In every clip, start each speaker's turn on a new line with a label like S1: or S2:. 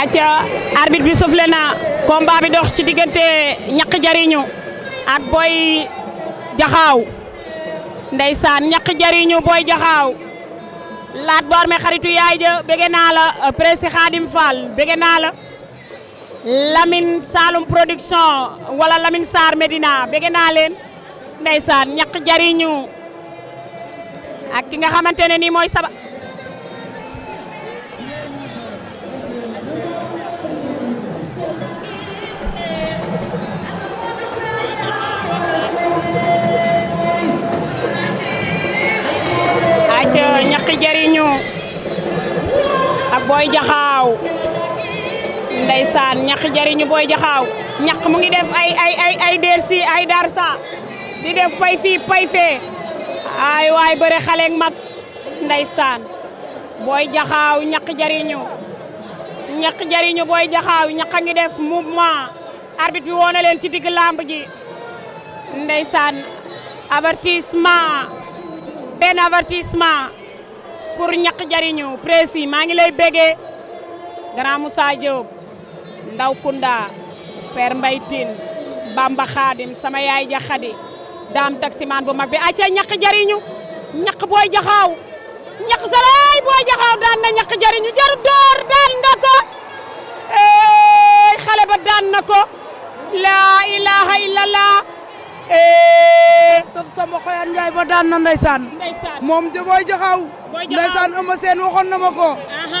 S1: acca arbitre bi soufflé na combat bi dox ci diggante ñaq jariñu ak boy jaxaaw ndeysaan ñaq jariñu boy jaxaaw laat bu xaritu yaay ja bëgg naa la euh, presse Khadim Fall bëgg naa la Lamine Saloum production wala Lamine Sarr Medina bëgg naa leen ndeysaan ñaq jariñu ak ki nga xamante ne nii mooy saba booy jaxaaw ndeysaan ñax jariñu booy jaxaaw ñax mu ngi def ay ay ay ay ay dar sa di def pay fii pay fee ay waay bëre xale ak mag ndeysaan booy jaxaaw ñax jariñu ñax jariñu booy jaxaaw ñax a ngi def mouvement arbitre bi woona leen ci digg làmb ji ndeysaan avertissement benn avertissement pour ñaq jariñu prési maa ngi lay béggee grand Moussa Diop Ndaw Kounda Père Mbaye Tine Bamba sama yaay ja Khadi daam taximaan bu mag bi acca ñaq jariñu ñaq booy jaxaaw ñaq salaay booy jaxaaw daan na ñaq jariñu jaru door daan na
S2: sama xoyaan Njaay ba daan na ndeysaan moom booy joxaw ndeysaan Eumeu Sène waxoon na ma ko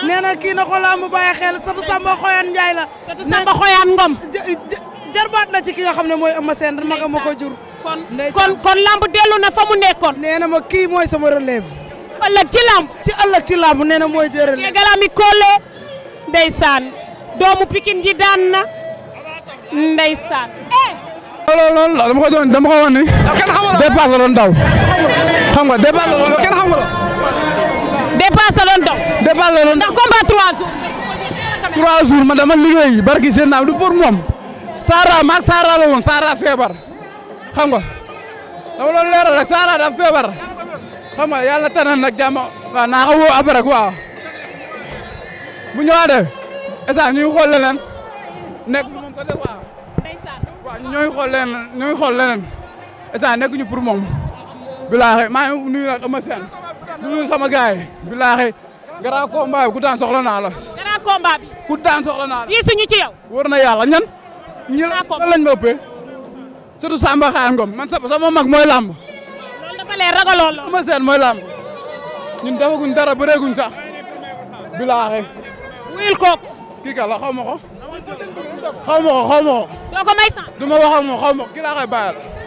S2: nee kii na ko lamb bàyyi xel satu xoyaan Njaay la satu sama xoyaan Ngom jarbaat la ci ki nga xam ne mooy Eumeu Sène maga ma ko jur kon kon lamb dellu na fa mu nekkoon nee na ma kii mooy sama relève ëllëg ci lamb ci ëllëg ci lamb nee na mooy jërël galaami kolle
S1: ndeysaan doomu Pikine ji daan na
S3: loolu loolu la dama ko doon dama ko wax ni. dépasse la doon daw. xam nga dépasse la doon daw kenn
S1: xamul. dépasse la doon daw.
S3: dépasse la doon ndax combat trois jours. trois jours man dama liggéey barki seen naam du pour moom. Saara maag Saara la woon Saara feebar xam nga dama doon leeral rek Saara dafa feebar xam nga yàlla tanan nag jàmm waaw naa ko woo après quoi bu ñëwaatee état ñu ngi xool leneen nekk moom côté quoi. waaw ñooy xool leneen ñooy xool leneen instant nekk ñu pour moom. bilaaxe maa ngi nuyu nag Eumeu Sène sama gars yi bilaaxe grand combat bi ku daan soxla naa la. grand combat bi. ku daan soxla naa la. fii suñu ci yow. wër na yàlla ñan. ñi lañ ma ëppee. surtout Samba Xaar Ngom man sama mak mooy làmb. loolu dafa lay ragaloo lool. Eumeu Sène mooy làmb ñun defaguñ dara bëreeguñ sax sa wuyul kii kan la xaw ma ko. xaw ma ko xaw ma